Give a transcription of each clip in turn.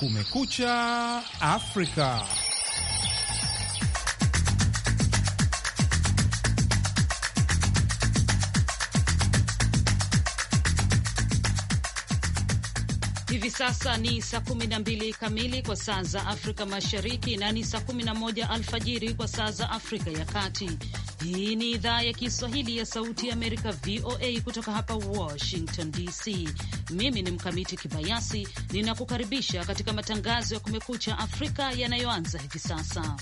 Kumekucha Afrika. Hivi sasa ni saa 12 kamili kwa saa za Afrika Mashariki na ni saa 11 alfajiri kwa saa za Afrika ya Kati. Hii ni idhaa ya Kiswahili ya Sauti ya Amerika, VOA, kutoka hapa Washington DC. Mimi ni Mkamiti Kibayasi, ninakukaribisha katika matangazo ya Kumekucha Afrika yanayoanza hivi sasa.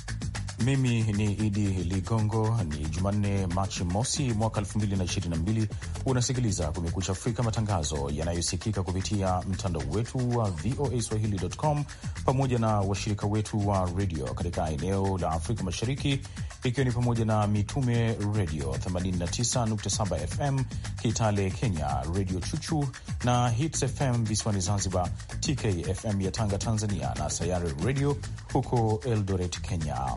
Mimi ni Idi Ligongo. Ni Jumanne, Machi mosi mwaka 2022. Unasikiliza Kumekucha Afrika, matangazo yanayosikika kupitia mtandao wetu wa VOA swahili.com pamoja na washirika wetu wa redio katika eneo la Afrika Mashariki, ikiwa ni pamoja na Mitume Redio 89.7 FM Kitale Kenya, Redio Chuchu na Hits FM visiwani Zanzibar, TKFM ya Tanga Tanzania, na sayare Redio huko Eldoret Kenya.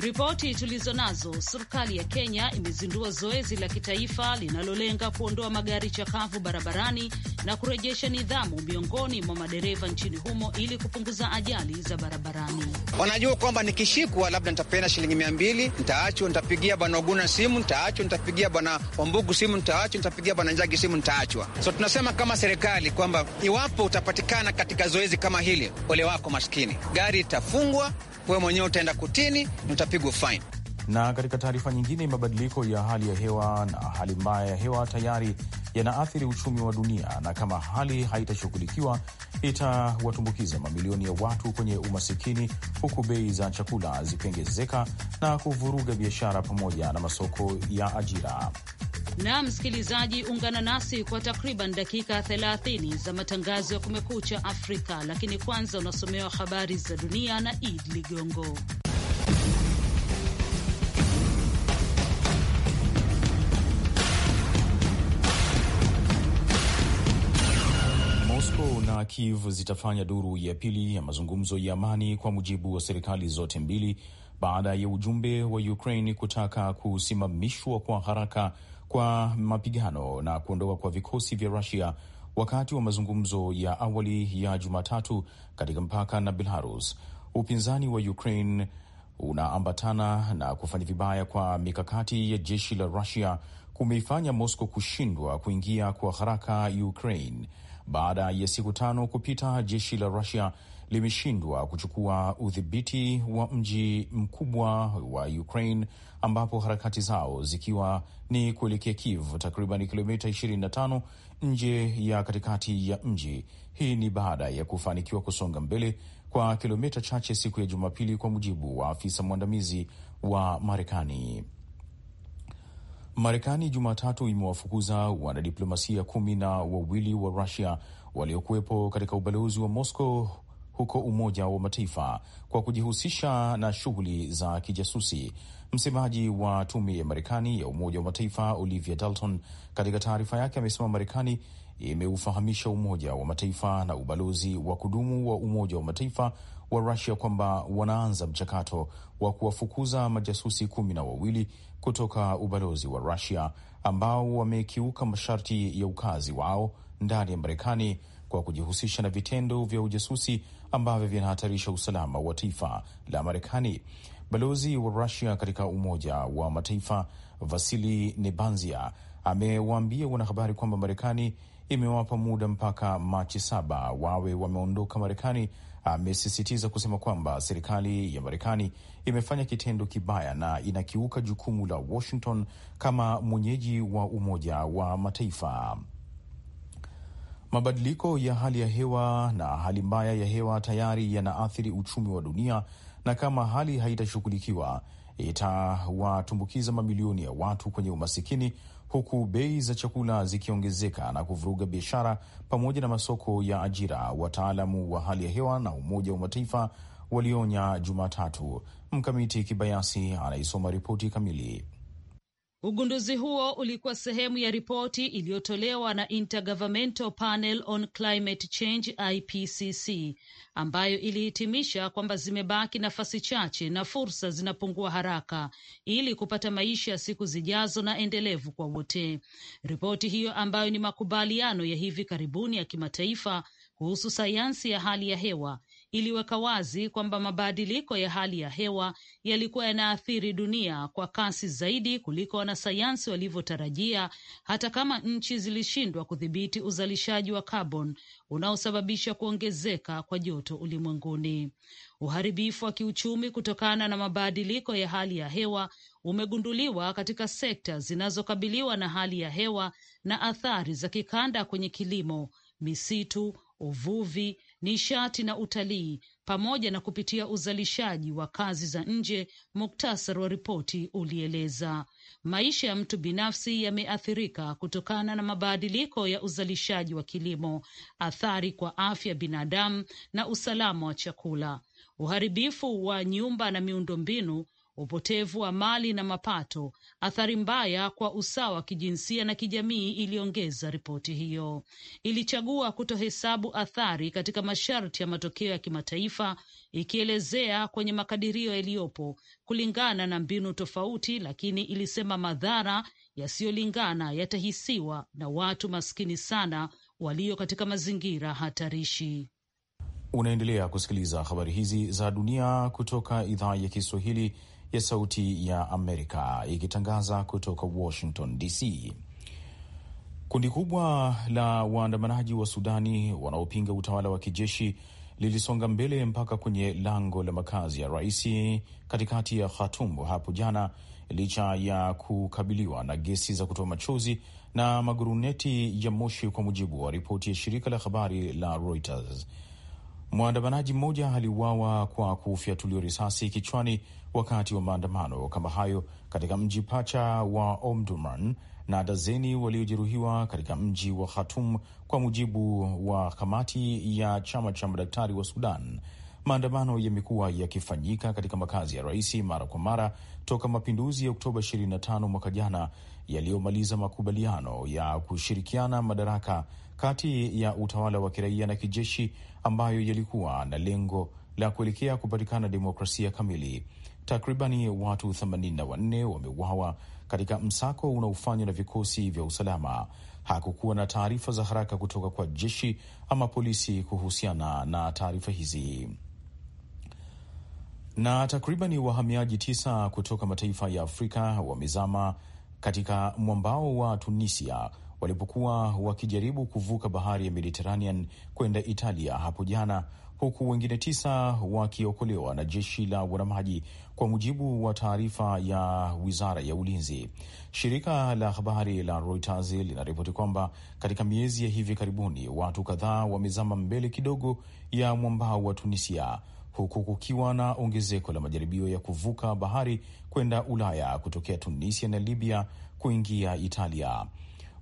Ripoti tulizo nazo, serikali ya Kenya imezindua zoezi la kitaifa linalolenga kuondoa magari chakavu barabarani na kurejesha nidhamu miongoni mwa madereva nchini humo ili kupunguza ajali za barabarani. Wanajua kwamba nikishikwa, labda nitapenda shilingi mia mbili, nitaachwa, nitapigia bwana Oguna simu, nitaachwa, nitapigia bwana Wambugu simu, nitaachwa, nitapigia bwana Njagi simu, nitaachwa. So tunasema kama serikali kwamba iwapo utapatikana katika zoezi kama hili, ole wako maskini, gari itafungwa wewe mwenyewe utaenda kutini na utapigwa Na katika taarifa nyingine, mabadiliko ya hali ya hewa na hali mbaya ya hewa tayari yanaathiri uchumi wa dunia, na kama hali haitashughulikiwa itawatumbukiza mamilioni ya watu kwenye umasikini, huku bei za chakula zikiongezeka na kuvuruga biashara pamoja na masoko ya ajira. Na msikilizaji, ungana nasi kwa takriban dakika 30 za matangazo ya Kumekucha Afrika, lakini kwanza unasomewa habari za dunia na Id Ligongo. na Kiev zitafanya duru ya pili ya mazungumzo ya amani kwa mujibu wa serikali zote mbili baada ya ujumbe wa Ukraine kutaka kusimamishwa kwa haraka kwa mapigano na kuondoka kwa vikosi vya Rusia wakati wa mazungumzo ya awali ya Jumatatu katika mpaka na Belarus. Upinzani wa Ukraine unaambatana na kufanya vibaya kwa mikakati ya jeshi la Rusia kumeifanya Moscow kushindwa kuingia kwa haraka Ukraine. Baada ya siku tano kupita, jeshi la Rusia limeshindwa kuchukua udhibiti wa mji mkubwa wa Ukraine ambapo harakati zao zikiwa ni kuelekea Kiev, takriban kilomita 25 nje ya katikati ya mji. Hii ni baada ya kufanikiwa kusonga mbele kwa kilomita chache siku ya Jumapili, kwa mujibu wa afisa mwandamizi wa Marekani. Marekani Jumatatu imewafukuza wanadiplomasia kumi na wawili wa Rusia waliokuwepo katika ubalozi wa Moscow huko Umoja wa Mataifa kwa kujihusisha na shughuli za kijasusi. Msemaji wa tume ya Marekani ya Umoja wa Mataifa Olivia Dalton katika taarifa yake amesema Marekani imeufahamisha Umoja wa Mataifa na ubalozi wa kudumu wa Umoja wa Mataifa wa Rusia kwamba wanaanza mchakato wa kuwafukuza majasusi kumi na wawili kutoka ubalozi wa Rusia ambao wamekiuka masharti ya ukazi wao ndani ya Marekani kwa kujihusisha na vitendo vya ujasusi ambavyo vinahatarisha usalama wa taifa la Marekani. Balozi wa Rusia katika Umoja wa Mataifa Vasili Nebanzia amewaambia wanahabari kwamba Marekani imewapa muda mpaka Machi saba wawe wameondoka Marekani. Amesisitiza kusema kwamba serikali ya Marekani imefanya kitendo kibaya na inakiuka jukumu la Washington kama mwenyeji wa Umoja wa Mataifa. Mabadiliko ya hali ya hewa na hali mbaya ya hewa tayari yanaathiri uchumi wa dunia, na kama hali haitashughulikiwa itawatumbukiza mamilioni ya watu kwenye umasikini, huku bei za chakula zikiongezeka na kuvuruga biashara pamoja na masoko ya ajira. Wataalamu wa hali ya hewa na Umoja wa Mataifa walionya Jumatatu. Mkamiti Kibayasi anaisoma ripoti kamili. Ugunduzi huo ulikuwa sehemu ya ripoti iliyotolewa na Intergovernmental Panel on Climate Change IPCC ambayo ilihitimisha kwamba zimebaki nafasi chache na fursa zinapungua haraka ili kupata maisha ya siku zijazo na endelevu kwa wote. Ripoti hiyo ambayo ni makubaliano ya hivi karibuni ya kimataifa kuhusu sayansi ya hali ya hewa iliweka wazi kwamba mabadiliko ya hali ya hewa yalikuwa yanaathiri dunia kwa kasi zaidi kuliko wanasayansi walivyotarajia, hata kama nchi zilishindwa kudhibiti uzalishaji wa kaboni unaosababisha kuongezeka kwa joto ulimwenguni. Uharibifu wa kiuchumi kutokana na mabadiliko ya hali ya hewa umegunduliwa katika sekta zinazokabiliwa na hali ya hewa na athari za kikanda kwenye kilimo, misitu, uvuvi nishati na utalii pamoja na kupitia uzalishaji wa kazi za nje. Muktasari wa ripoti ulieleza maisha ya mtu binafsi yameathirika kutokana na mabadiliko ya uzalishaji wa kilimo, athari kwa afya binadamu na usalama wa chakula, uharibifu wa nyumba na miundombinu upotevu wa mali na mapato, athari mbaya kwa usawa wa kijinsia na kijamii, iliongeza ripoti hiyo. Ilichagua kutohesabu athari katika masharti ya matokeo ya kimataifa, ikielezea kwenye makadirio yaliyopo kulingana na mbinu tofauti, lakini ilisema madhara yasiyolingana yatahisiwa na watu maskini sana walio katika mazingira hatarishi. Unaendelea kusikiliza habari hizi za dunia kutoka idhaa ya Kiswahili ya Sauti ya Amerika ikitangaza kutoka Washington DC. Kundi kubwa la waandamanaji wa Sudani wanaopinga utawala wa kijeshi lilisonga mbele mpaka kwenye lango la makazi ya rais katikati ya Khartoum hapo jana, licha ya kukabiliwa na gesi za kutoa machozi na maguruneti ya moshi, kwa mujibu wa ripoti ya shirika la habari la Reuters. Mwandamanaji mmoja aliuawa kwa kufyatuliwa risasi kichwani wakati wa maandamano kama hayo katika mji pacha wa Omdurman na dazeni waliojeruhiwa katika mji wa Khartoum, kwa mujibu wa kamati ya chama cha madaktari wa Sudan. Maandamano yamekuwa yakifanyika katika makazi ya rais mara kwa mara toka mapinduzi ya Oktoba 25 mwaka jana yaliyomaliza makubaliano ya kushirikiana madaraka kati ya utawala wa kiraia na kijeshi ambayo yalikuwa na lengo la kuelekea kupatikana demokrasia kamili. Takribani watu 84 wameuawa katika msako unaofanywa na vikosi vya usalama. Hakukuwa na taarifa za haraka kutoka kwa jeshi ama polisi kuhusiana na taarifa hizi. Na takribani wahamiaji tisa kutoka mataifa ya Afrika wamezama katika mwambao wa Tunisia walipokuwa wakijaribu kuvuka bahari ya Mediteranean kwenda Italia hapo jana, huku wengine tisa wakiokolewa na jeshi la wanamaji, kwa mujibu wa taarifa ya wizara ya ulinzi. Shirika la habari la Reuters linaripoti kwamba katika miezi ya hivi karibuni watu kadhaa wamezama mbele kidogo ya mwambao wa Tunisia, huku kukiwa na ongezeko la majaribio ya kuvuka bahari kwenda Ulaya kutokea Tunisia na Libya kuingia Italia.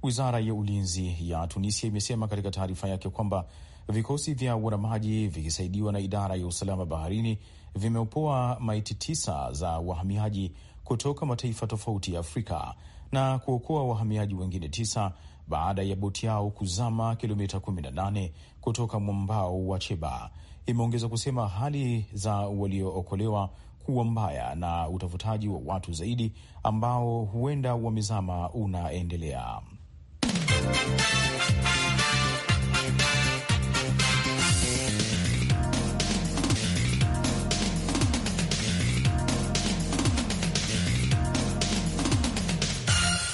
Wizara ya ulinzi ya Tunisia imesema katika taarifa yake kwamba vikosi vya uandamaji vikisaidiwa na idara ya usalama baharini vimeopoa maiti tisa za wahamiaji kutoka mataifa tofauti ya Afrika na kuokoa wahamiaji wengine tisa baada ya boti yao kuzama kilomita 18 kutoka mwambao wa Cheba. Imeongeza kusema hali za waliookolewa kuwa mbaya na utafutaji wa watu zaidi ambao huenda wamezama unaendelea.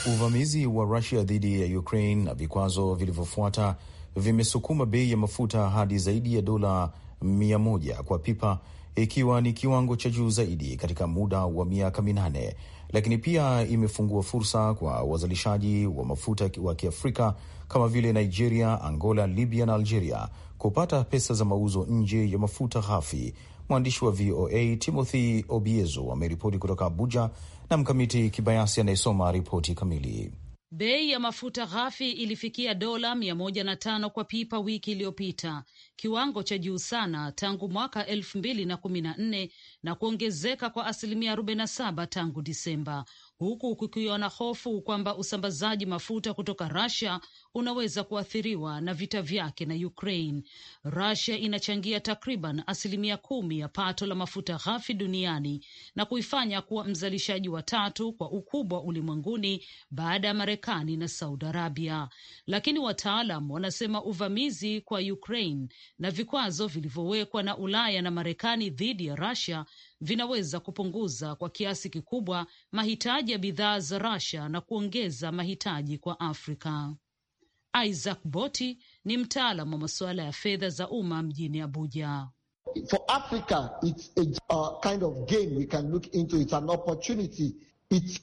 Uvamizi wa Rusia dhidi ya Ukraine na vikwazo vilivyofuata vimesukuma bei ya mafuta hadi zaidi ya dola mia moja kwa pipa, ikiwa ni kiwango cha juu zaidi katika muda wa miaka minane lakini pia imefungua fursa kwa wazalishaji wa mafuta wa Kiafrika kama vile Nigeria, Angola, Libya na Algeria kupata pesa za mauzo nje ya mafuta ghafi. Mwandishi wa VOA Timothy Obiezo ameripoti kutoka Abuja na Mkamiti Kibayasi anayesoma ripoti kamili. Bei ya mafuta ghafi ilifikia dola mia moja na tano kwa pipa wiki iliyopita, kiwango cha juu sana tangu mwaka elfu mbili na kumi na nne na kuongezeka kwa asilimia arobaini na saba tangu Disemba, huku kukiwa na hofu kwamba usambazaji mafuta kutoka Russia unaweza kuathiriwa na vita vyake na Ukraine. Rusia inachangia takriban asilimia kumi ya pato la mafuta ghafi duniani na kuifanya kuwa mzalishaji wa tatu kwa ukubwa ulimwenguni baada ya Marekani na Saudi Arabia, lakini wataalam wanasema uvamizi kwa Ukraine na vikwazo vilivyowekwa na Ulaya na Marekani dhidi ya Rusia vinaweza kupunguza kwa kiasi kikubwa mahitaji ya bidhaa za Russia na kuongeza mahitaji kwa Afrika. Isaac Boti ni mtaalam wa masuala ya fedha za umma mjini Abuja. For Africa, it's a, uh, kind of game we can look into. It's an opportunity. It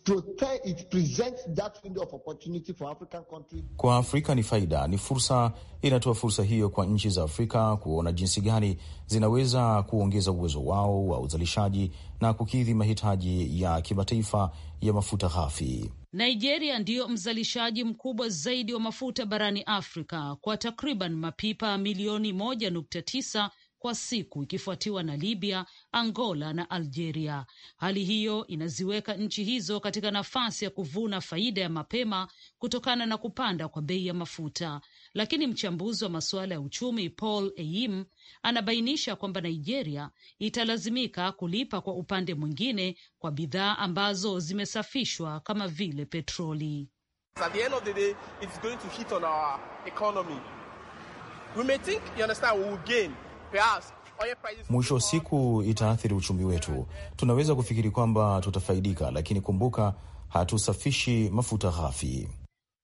it presents that window of opportunity for African countries. Kwa Afrika ni faida, ni fursa, inatoa fursa hiyo kwa nchi za Afrika kuona jinsi gani zinaweza kuongeza uwezo wao wa uzalishaji na kukidhi mahitaji ya kimataifa ya mafuta ghafi. Nigeria ndiyo mzalishaji mkubwa zaidi wa mafuta barani Afrika kwa takriban mapipa milioni moja nukta tisa kwa siku ikifuatiwa na Libya, Angola na Algeria. Hali hiyo inaziweka nchi hizo katika nafasi ya kuvuna faida ya mapema kutokana na kupanda kwa bei ya mafuta lakini mchambuzi wa masuala ya uchumi Paul Eyim anabainisha kwamba Nigeria italazimika kulipa kwa upande mwingine kwa bidhaa ambazo zimesafishwa kama vile petroli. Mwisho wa siku itaathiri uchumi wetu. Tunaweza kufikiri kwamba tutafaidika, lakini kumbuka, hatusafishi mafuta ghafi.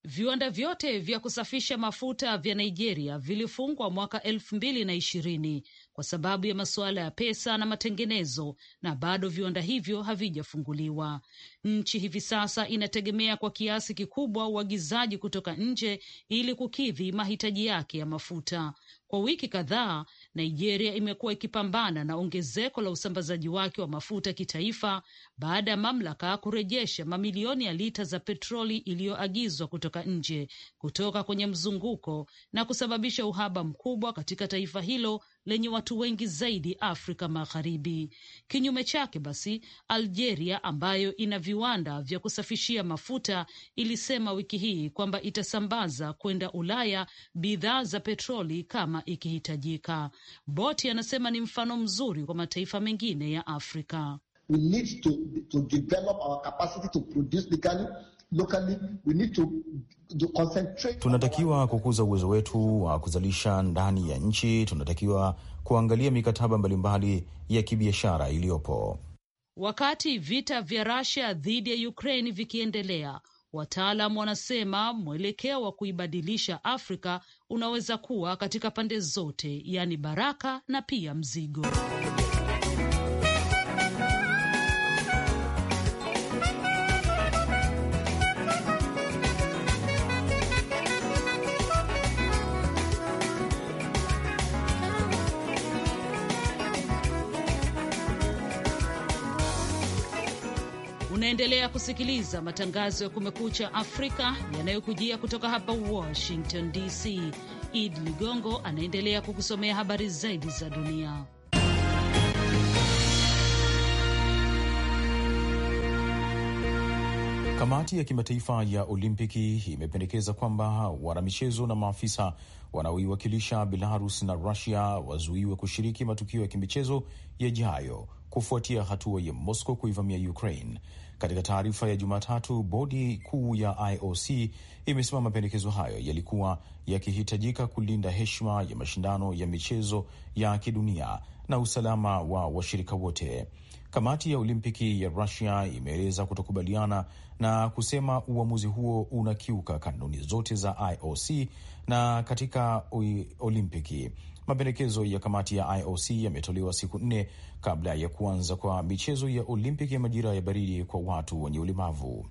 Viwanda vyote vya kusafisha mafuta vya Nigeria vilifungwa mwaka elfu mbili na ishirini kwa sababu ya masuala ya pesa na matengenezo, na bado viwanda hivyo havijafunguliwa. Nchi hivi sasa inategemea kwa kiasi kikubwa uagizaji kutoka nje ili kukidhi mahitaji yake ya mafuta. Kwa wiki kadhaa, Nigeria imekuwa ikipambana na ongezeko la usambazaji wake wa mafuta kitaifa baada ya mamlaka kurejesha mamilioni ya lita za petroli iliyoagizwa kutoka nje kutoka kwenye mzunguko na kusababisha uhaba mkubwa katika taifa hilo lenye watu wengi zaidi Afrika Magharibi. Kinyume chake basi, Algeria ambayo ina viwanda vya kusafishia mafuta ilisema wiki hii kwamba itasambaza kwenda Ulaya bidhaa za petroli kama ikihitajika. Boti anasema ni mfano mzuri kwa mataifa mengine ya Afrika. We need to, to develop our capacity to produce the locally, we need to, to concentrate. Tunatakiwa kukuza uwezo wetu wa kuzalisha ndani ya nchi. Tunatakiwa kuangalia mikataba mbalimbali ya kibiashara iliyopo. Wakati vita vya Russia dhidi ya Ukraine vikiendelea, wataalam wanasema mwelekeo wa kuibadilisha Afrika unaweza kuwa katika pande zote, yaani baraka na pia mzigo. Unaendelea kusikiliza matangazo ya Kumekucha Afrika yanayokujia kutoka hapa Washington DC. Id Ligongo anaendelea kukusomea habari zaidi za dunia. Kamati ya kimataifa ya Olimpiki imependekeza kwamba wanamichezo na maafisa wanaoiwakilisha Belarus na Rusia wazuiwe kushiriki matukio ya kimichezo yajayo kufuatia hatua ya Moscow kuivamia Ukraine. Katika taarifa ya Jumatatu, bodi kuu ya IOC imesema mapendekezo hayo yalikuwa yakihitajika kulinda heshima ya mashindano ya michezo ya kidunia na usalama wa washirika wote. Kamati ya Olimpiki ya Rusia imeeleza kutokubaliana na kusema uamuzi huo unakiuka kanuni zote za IOC na katika Olimpiki. Mapendekezo ya kamati ya IOC yametolewa siku nne kabla ya kuanza kwa michezo ya Olimpiki ya majira ya baridi kwa watu wenye ulemavu.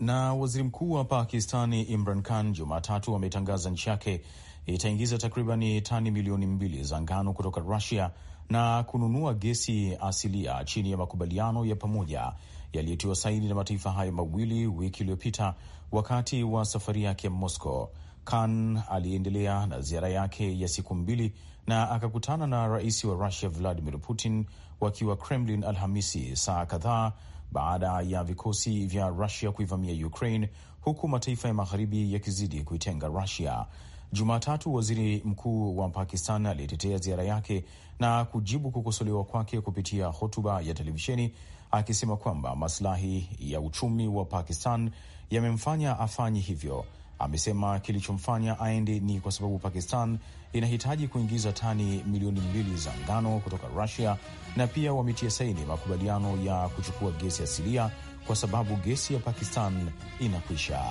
Na waziri mkuu wa Pakistani Imran Khan Jumatatu ametangaza nchi yake itaingiza takribani tani milioni mbili za ngano kutoka Rusia na kununua gesi asilia chini ya makubaliano ya pamoja yaliyotiwa saini na mataifa hayo mawili wiki iliyopita wakati wa safari yake ya Moscow. Khan aliendelea na ziara yake ya siku mbili na akakutana na rais wa Rusia Vladimir Putin wakiwa Kremlin Alhamisi, saa kadhaa baada ya vikosi vya Rusia kuivamia Ukraine, huku mataifa ya magharibi yakizidi kuitenga Rusia. Jumatatu waziri mkuu wa Pakistan aliyetetea ziara yake na kujibu kukosolewa kwake kupitia hotuba ya televisheni akisema kwamba masilahi ya uchumi wa Pakistan yamemfanya afanye hivyo. Amesema kilichomfanya aende ni kwa sababu Pakistan inahitaji kuingiza tani milioni mbili za ngano kutoka Rusia, na pia wametia saini makubaliano ya kuchukua gesi asilia kwa sababu gesi ya Pakistan inakwisha.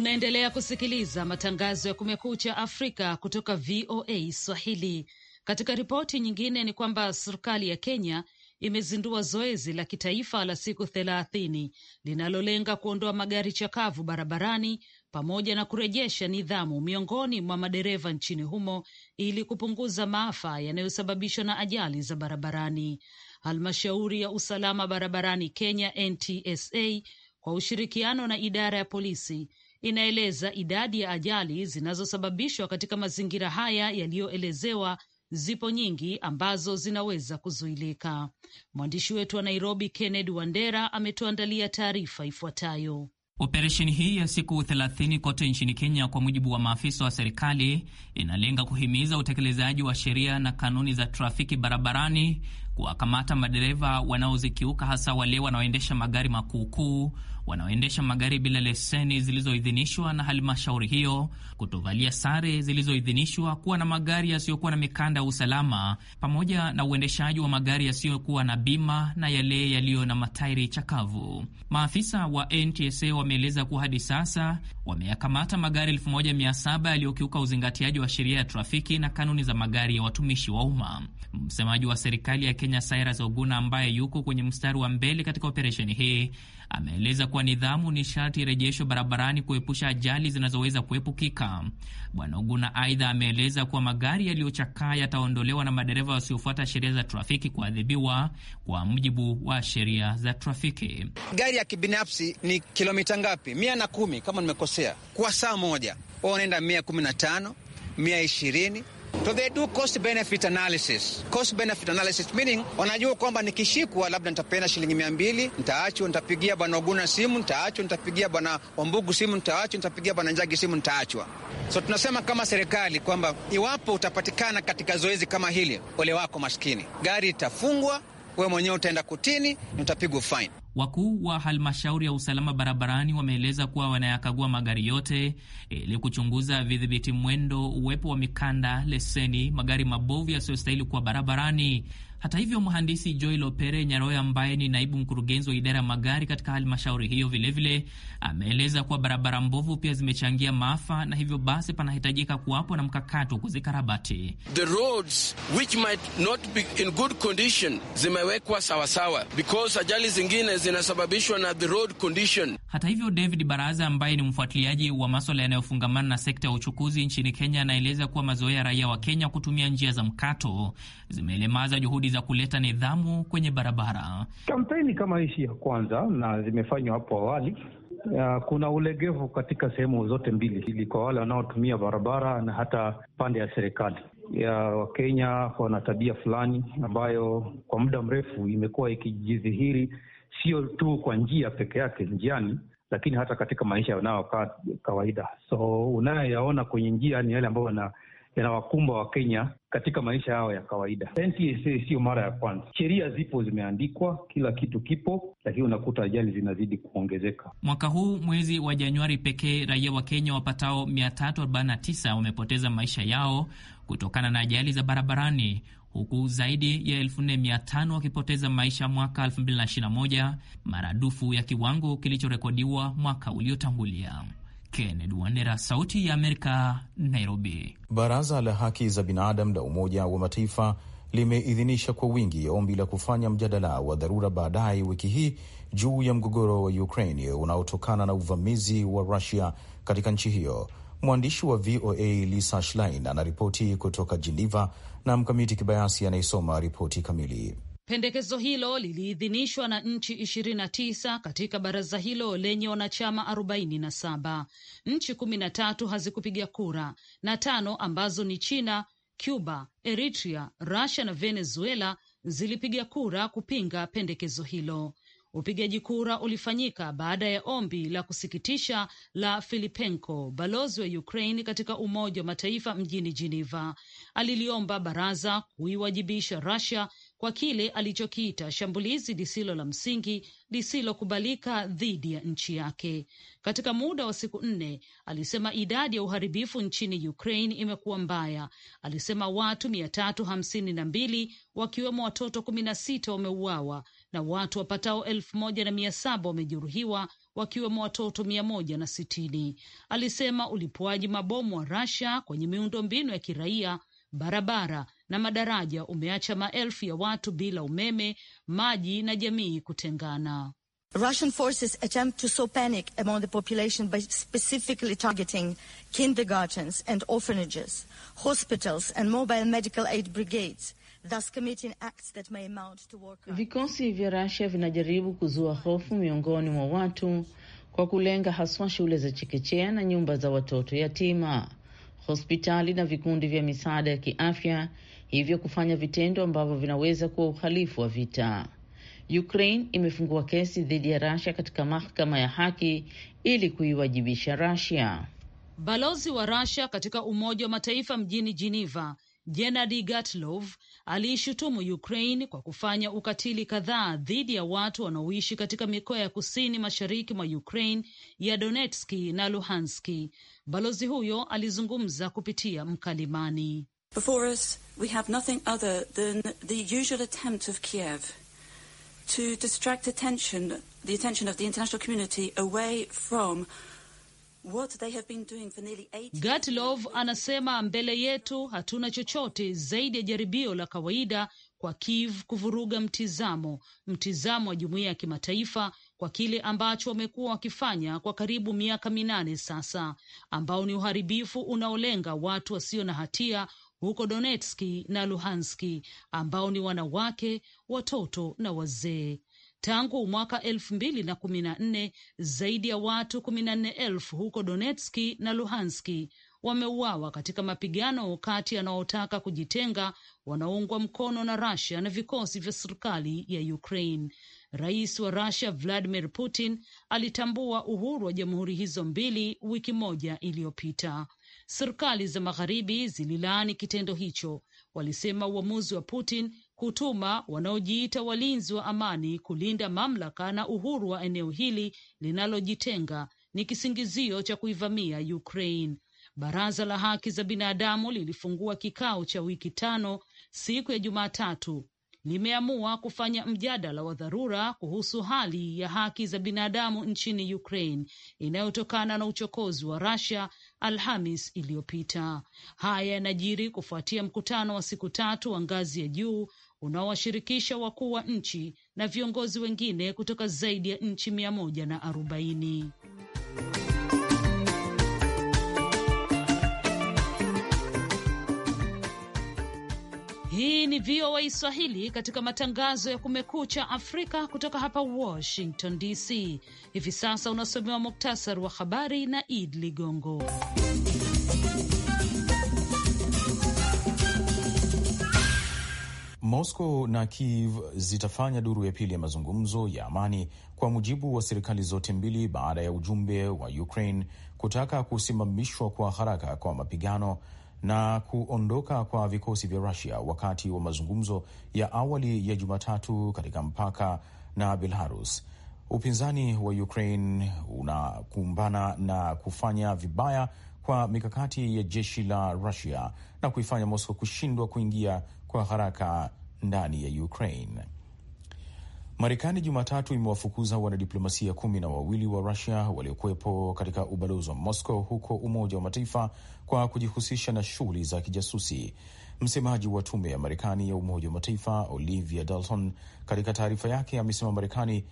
Unaendelea kusikiliza matangazo ya Kumekucha Afrika kutoka VOA Swahili. Katika ripoti nyingine ni kwamba serikali ya Kenya imezindua zoezi la kitaifa la siku thelathini linalolenga kuondoa magari chakavu barabarani pamoja na kurejesha nidhamu miongoni mwa madereva nchini humo ili kupunguza maafa yanayosababishwa na ajali za barabarani. Halmashauri ya usalama barabarani Kenya NTSA kwa ushirikiano na idara ya polisi inaeleza idadi ya ajali zinazosababishwa katika mazingira haya yaliyoelezewa zipo nyingi ambazo zinaweza kuzuilika. Mwandishi wetu wa Nairobi, Kennedy Wandera, ametuandalia taarifa ifuatayo. Operesheni hii ya siku 30 kote nchini Kenya, kwa mujibu wa maafisa wa serikali, inalenga kuhimiza utekelezaji wa sheria na kanuni za trafiki barabarani, kuwakamata madereva wanaozikiuka, hasa wale wanaoendesha magari makuukuu, wanaoendesha magari bila leseni zilizoidhinishwa na halmashauri hiyo, kutovalia sare zilizoidhinishwa, kuwa na magari yasiyokuwa na mikanda ya usalama, pamoja na uendeshaji wa magari yasiyokuwa na bima na yale yaliyo na matairi chakavu. Maafisa wa NTSA wameeleza kuwa hadi sasa wameyakamata magari 1700 yaliyokiuka uzingatiaji wa sheria ya trafiki na kanuni za magari ya watumishi wa umma. Msemaji wa serikali ya Kenya Cyrus Oguna, ambaye yuko kwenye mstari wa mbele katika operesheni hii Ameeleza kuwa nidhamu ni sharti rejesho barabarani kuepusha ajali zinazoweza kuepukika. Bwana Oguna aidha ameeleza kuwa magari yaliyochakaa yataondolewa na madereva wasiofuata sheria za trafiki kuadhibiwa kwa mujibu wa sheria za trafiki. Gari ya kibinafsi ni kilomita ngapi? mia na kumi kama nimekosea, kwa saa moja wao wanaenda mia kumi na tano mia ishirini So they do cost benefit analysis. Cost benefit analysis meaning wanajua kwamba nikishikwa labda nitapenda shilingi mia mbili, nitaachwa, nitapigia bwana Oguna simu, nitaachwa, nitapigia bwana Wambugu simu, nitaachwa, nitapigia bwana Njagi simu, nitaachwa. So tunasema kama serikali kwamba iwapo utapatikana katika zoezi kama hili, ole wako maskini, gari itafungwa wewe mwenyewe utaenda kutini na utapigwa Wakuu wa halmashauri ya usalama barabarani wameeleza kuwa wanayakagua magari yote ili kuchunguza vidhibiti mwendo, uwepo wa mikanda, leseni, magari mabovu yasiyostahili kuwa barabarani. Hata hivyo, mhandisi Joy Lopere Nyaroya ambaye ni naibu mkurugenzi wa idara ya magari katika halmashauri hiyo vilevile ameeleza kuwa barabara mbovu pia zimechangia maafa na hivyo basi panahitajika kuwapo na mkakati wa kuzikarabati. The roads which might not be in good condition zimewekwa sawasawa because ajali zingine zinasababishwa na the road condition. Hata hivyo, David Baraza ambaye ni mfuatiliaji wa maswala yanayofungamana na sekta ya uchukuzi nchini Kenya anaeleza kuwa mazoea ya raia wa Kenya kutumia njia za mkato zimeelemaza juhudi za kuleta nidhamu kwenye barabara. Kampeni kama hizi ya kwanza na zimefanywa hapo awali. Uh, kuna ulegevu katika sehemu zote mbili, ili kwa wale wanaotumia barabara na hata pande ya serikali ya Wakenya wana tabia fulani ambayo kwa muda mrefu imekuwa ikijidhihiri sio tu kwa njia peke yake njiani, lakini hata katika maisha yanayokaa kawaida. So unayoyaona kwenye njia ni yale ambayo yanawakumba Wakenya katika maisha yao ya kawaida. NTSA siyo mara ya kwanza, sheria zipo, zimeandikwa, kila kitu kipo, lakini unakuta ajali zinazidi kuongezeka. Mwaka huu mwezi wa Januari pekee raia wa Kenya wapatao 349 wamepoteza maisha yao kutokana na ajali za barabarani huku zaidi ya 4500 wakipoteza maisha mwaka 2021, maradufu ya kiwango kilichorekodiwa mwaka uliotangulia. Kennedy Wandera, Sauti ya Amerika, Nairobi. Baraza la Haki za Binadamu la Umoja wa Mataifa limeidhinisha kwa wingi ombi la kufanya mjadala wa dharura baadaye wiki hii juu ya mgogoro wa ukrain unaotokana na uvamizi wa Rusia katika nchi hiyo. Mwandishi wa VOA Lisa Schlein anaripoti kutoka Geneva na Mkamiti Kibayasi anayesoma ripoti kamili. Pendekezo hilo liliidhinishwa na nchi ishirini na tisa katika baraza hilo lenye wanachama arobaini na saba. Nchi kumi na tatu hazikupiga kura na tano ambazo ni China, Cuba, Eritrea, Rusia na Venezuela zilipiga kura kupinga pendekezo hilo. Upigaji kura ulifanyika baada ya ombi la kusikitisha la Filipenko, balozi wa Ukraine katika Umoja wa Mataifa mjini Geneva. Aliliomba baraza kuiwajibisha Rusia kwa kile alichokiita shambulizi lisilo la msingi lisilokubalika dhidi ya nchi yake. Katika muda wa siku nne, alisema idadi ya uharibifu nchini Ukraine imekuwa mbaya. Alisema watu mia tatu hamsini na mbili wakiwemo watoto kumi na sita wameuawa na watu wapatao elfu moja na mia saba wamejeruhiwa wakiwemo watoto mia moja na sitini. Alisema ulipuaji mabomu wa Russia kwenye miundo mbinu ya kiraia, barabara na madaraja umeacha maelfu ya watu bila umeme, maji na jamii kutengana. Russian forces attempt to sow panic among the population by specifically targeting kindergartens and orphanages, hospitals and mobile medical aid brigades, thus committing acts that may amount to war Vikosi vya Russia vinajaribu kuzua hofu miongoni mwa watu kwa kulenga haswa shule za chekechea na nyumba za watoto yatima, hospitali na vikundi vya misaada ya kiafya hivyo kufanya vitendo ambavyo vinaweza kuwa uhalifu wa vita. Ukraine imefungua kesi dhidi ya Russia katika mahakama ya haki ili kuiwajibisha Russia. Balozi wa Russia katika Umoja wa Mataifa mjini Geneva, Gennady Gatlov aliishutumu Ukraine kwa kufanya ukatili kadhaa dhidi ya watu wanaoishi katika mikoa ya kusini mashariki mwa Ukraine ya Donetski na Luhanski. Balozi huyo alizungumza kupitia mkalimani. Before us, we have nothing other than the usual attempt of Kiev to distract attention, the attention of the international community away from what they have been doing for nearly eight... Gatilov anasema mbele yetu hatuna chochote zaidi ya jaribio la kawaida kwa Kiev kuvuruga mtizamo mtizamo wa jumuiya ya kimataifa kwa kile ambacho wamekuwa wakifanya kwa karibu miaka minane sasa, ambao ni uharibifu unaolenga watu wasio na hatia huko Donetski na Luhanski ambao ni wanawake, watoto na wazee. Tangu mwaka elfu mbili na kumi na nne zaidi ya watu kumi na nne elfu huko Donetski na Luhanski wameuawa katika mapigano kati yanaotaka kujitenga wanaoungwa mkono na rasia na vikosi vya serikali ya Ukraine. Rais wa Russia Vladimir Putin alitambua uhuru wa jamhuri hizo mbili wiki moja iliyopita. Serikali za magharibi zililaani kitendo hicho, walisema uamuzi wa Putin kutuma wanaojiita walinzi wa amani kulinda mamlaka na uhuru wa eneo hili linalojitenga ni kisingizio cha kuivamia Ukraine. Baraza la haki za binadamu lilifungua kikao cha wiki tano siku ya Jumatatu, limeamua kufanya mjadala wa dharura kuhusu hali ya haki za binadamu nchini Ukraine inayotokana na uchokozi wa Russia Alhamis iliyopita. Haya yanajiri kufuatia mkutano wa siku tatu wa ngazi ya juu unaowashirikisha wakuu wa nchi na viongozi wengine kutoka zaidi ya nchi mia moja na arobaini. Hii ni VOA Swahili katika matangazo ya Kumekucha Afrika kutoka hapa Washington DC. Hivi sasa unasomewa muktasari wa habari na Id Ligongo. Moscow na Kiev zitafanya duru ya pili ya mazungumzo ya amani kwa mujibu wa serikali zote mbili baada ya ujumbe wa Ukraine kutaka kusimamishwa kwa haraka kwa mapigano na kuondoka kwa vikosi vya Rusia wakati wa mazungumzo ya awali ya Jumatatu katika mpaka na Belarus. Upinzani wa Ukraine unakumbana na kufanya vibaya kwa mikakati ya jeshi la Rusia na kuifanya Moscow kushindwa kuingia kwa haraka ndani ya Ukraine. Marekani Jumatatu imewafukuza wanadiplomasia kumi na wawili wa Rusia waliokuwepo katika ubalozi wa Moscow huko Umoja wa Mataifa kwa kujihusisha na shughuli za kijasusi. Msemaji wa tume ya Marekani ya Umoja wa Mataifa Olivia Dalton katika taarifa yake amesema Marekani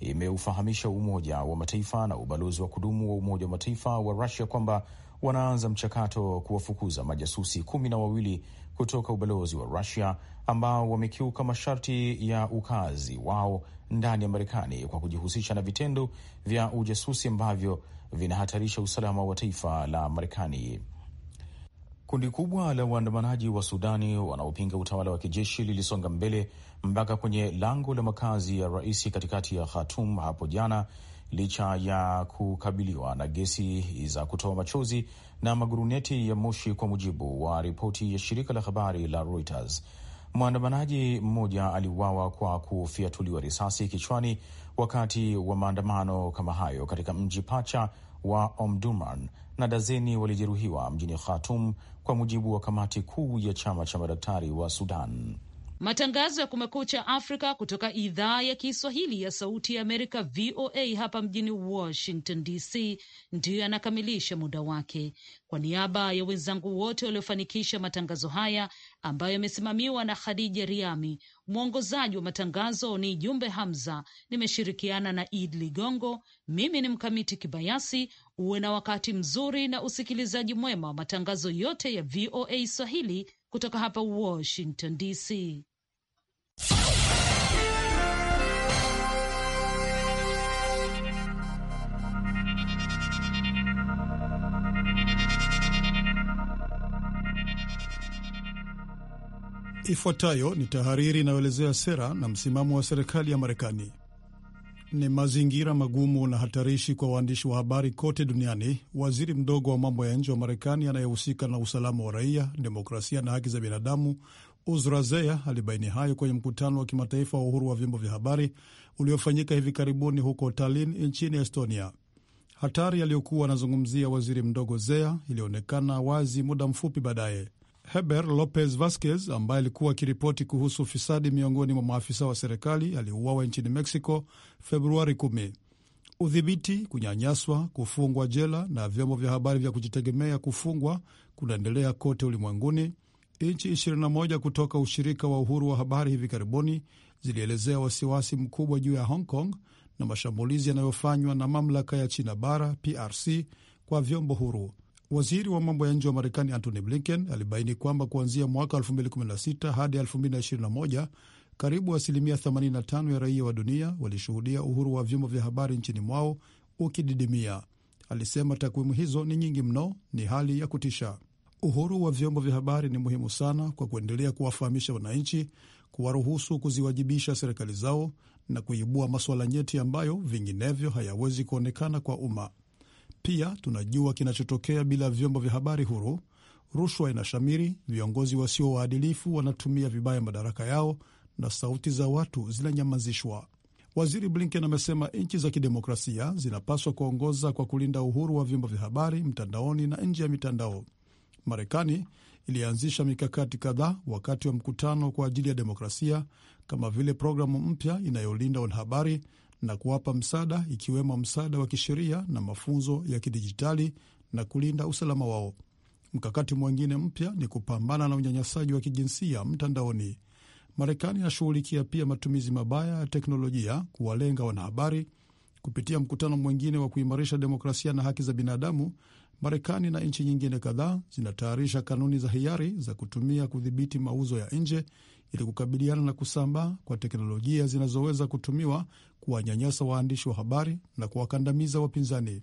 imeufahamisha Umoja wa Mataifa na ubalozi wa kudumu wa Umoja wa Mataifa wa Rusia kwamba wanaanza mchakato wa kuwafukuza majasusi kumi na wawili kutoka ubalozi wa Rusia ambao wamekiuka masharti ya ukazi wao ndani ya Marekani kwa kujihusisha na vitendo vya ujasusi ambavyo vinahatarisha usalama wa taifa la Marekani. Kundi kubwa la waandamanaji wa Sudani wanaopinga utawala wa kijeshi lilisonga mbele mpaka kwenye lango la makazi ya rais katikati ya Khartoum hapo jana licha ya kukabiliwa na gesi za kutoa machozi na maguruneti ya moshi, kwa mujibu wa ripoti ya shirika la habari la Reuters. Mwandamanaji mmoja aliuawa kwa kufiatuliwa risasi kichwani wakati wa maandamano kama hayo katika mji pacha wa Omdurman na dazeni walijeruhiwa mjini Khartoum, kwa mujibu wa kamati kuu ya chama cha madaktari wa Sudan. Matangazo ya Kumekucha Afrika kutoka idhaa ya Kiswahili ya Sauti ya Amerika, VOA, hapa mjini Washington DC, ndiyo yanakamilisha muda wake. Kwa niaba ya wenzangu wote waliofanikisha matangazo haya ambayo yamesimamiwa na Khadija Riami, mwongozaji wa matangazo ni Jumbe Hamza, nimeshirikiana na Id Ligongo. Mimi ni Mkamiti Kibayasi. Uwe na wakati mzuri na usikilizaji mwema wa matangazo yote ya VOA Swahili kutoka hapa Washington DC. Ifuatayo ni tahariri inayoelezea sera na msimamo wa serikali ya Marekani. Ni mazingira magumu na hatarishi kwa waandishi wa habari kote duniani, waziri mdogo wa mambo ya nje wa Marekani anayehusika na usalama wa raia, demokrasia na haki za binadamu uzrazea Zeya alibaini hayo kwenye mkutano wa kimataifa wa uhuru wa vyombo vya habari uliofanyika hivi karibuni huko Tallinn nchini Estonia. Hatari aliyokuwa anazungumzia waziri mdogo Zeya ilionekana wazi muda mfupi baadaye. Heber Lopez Vasquez ambaye alikuwa akiripoti kuhusu ufisadi miongoni mwa maafisa wa serikali aliuawa nchini Mexico Februari 10. Udhibiti, kunyanyaswa, kufungwa jela na vyombo vya habari vya kujitegemea kufungwa kunaendelea kote ulimwenguni. Nchi 21 kutoka ushirika wa uhuru wa habari hivi karibuni zilielezea wasiwasi mkubwa juu ya Hong Kong na mashambulizi yanayofanywa na mamlaka ya China bara PRC kwa vyombo huru. Waziri wa mambo ya nje wa Marekani Antony Blinken alibaini kwamba kuanzia mwaka 2016 hadi 2021 karibu asilimia 85 ya raia wa dunia walishuhudia uhuru wa vyombo vya habari nchini mwao ukididimia. Alisema takwimu hizo ni nyingi mno, ni hali ya kutisha. Uhuru wa vyombo vya habari ni muhimu sana kwa kuendelea kuwafahamisha wananchi, kuwaruhusu kuziwajibisha serikali zao na kuibua masuala nyeti ambayo vinginevyo hayawezi kuonekana kwa umma. Pia tunajua kinachotokea bila vyombo vya habari huru. Rushwa inashamiri, viongozi wasio waadilifu wanatumia vibaya madaraka yao na sauti za watu zinanyamazishwa. Waziri Blinken amesema nchi za kidemokrasia zinapaswa kuongoza kwa kulinda uhuru wa vyombo vya habari mtandaoni na nje ya mitandao. Marekani ilianzisha mikakati kadhaa wakati wa mkutano kwa ajili ya demokrasia kama vile programu mpya inayolinda wanahabari na kuwapa msaada ikiwemo msaada wa kisheria na mafunzo ya kidijitali na kulinda usalama wao. Mkakati mwingine mpya ni kupambana na unyanyasaji wa kijinsia mtandaoni. Marekani inashughulikia pia matumizi mabaya ya teknolojia kuwalenga wanahabari. Kupitia mkutano mwingine wa kuimarisha demokrasia na haki za binadamu, Marekani na nchi nyingine kadhaa zinatayarisha kanuni za hiari za kutumia kudhibiti mauzo ya nje ili kukabiliana na kusambaa kwa teknolojia zinazoweza kutumiwa kuwanyanyasa waandishi wa habari na kuwakandamiza wapinzani.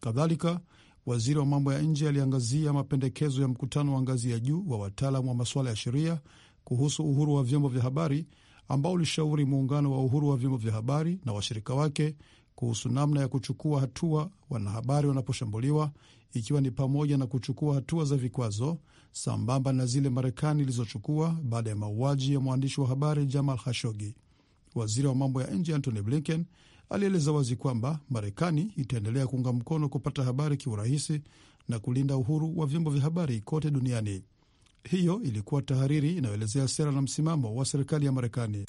Kadhalika, waziri wa mambo ya nje aliangazia mapendekezo ya mkutano wa ngazi ya juu wa wataalamu wa masuala ya sheria kuhusu uhuru wa vyombo vya habari ambao ulishauri muungano wa uhuru wa vyombo vya habari na washirika wake kuhusu namna ya kuchukua hatua wanahabari wanaposhambuliwa, ikiwa ni pamoja na kuchukua hatua za vikwazo sambamba na zile Marekani ilizochukua baada ya mauaji ya mwandishi wa habari Jamal Khashoggi. Waziri wa mambo ya nje Antony Blinken alieleza wazi kwamba Marekani itaendelea kuunga mkono kupata habari kiurahisi na kulinda uhuru wa vyombo vya habari kote duniani. Hiyo ilikuwa tahariri inayoelezea sera na msimamo wa serikali ya Marekani.